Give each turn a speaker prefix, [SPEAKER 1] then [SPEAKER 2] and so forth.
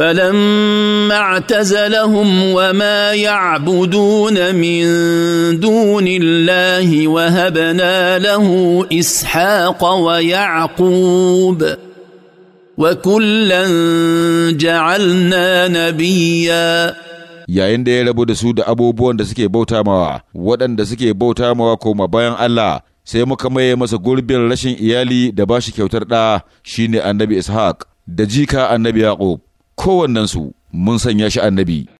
[SPEAKER 1] فلما اعتزلهم وما يعبدون من دون الله وهبنا له اسحاق ويعقوب وكلا جعلنا نبيا
[SPEAKER 2] yayin da ya rabu da su da abubuwan da suke bauta mawa waɗanda suke bauta mawa koma bayan Allah sai muka maye masa gurbin rashin iyali da bashi kyautar ɗa shine annabi ishaq da jika annabi yaqub
[SPEAKER 3] kowannensu mun sanya shi annabi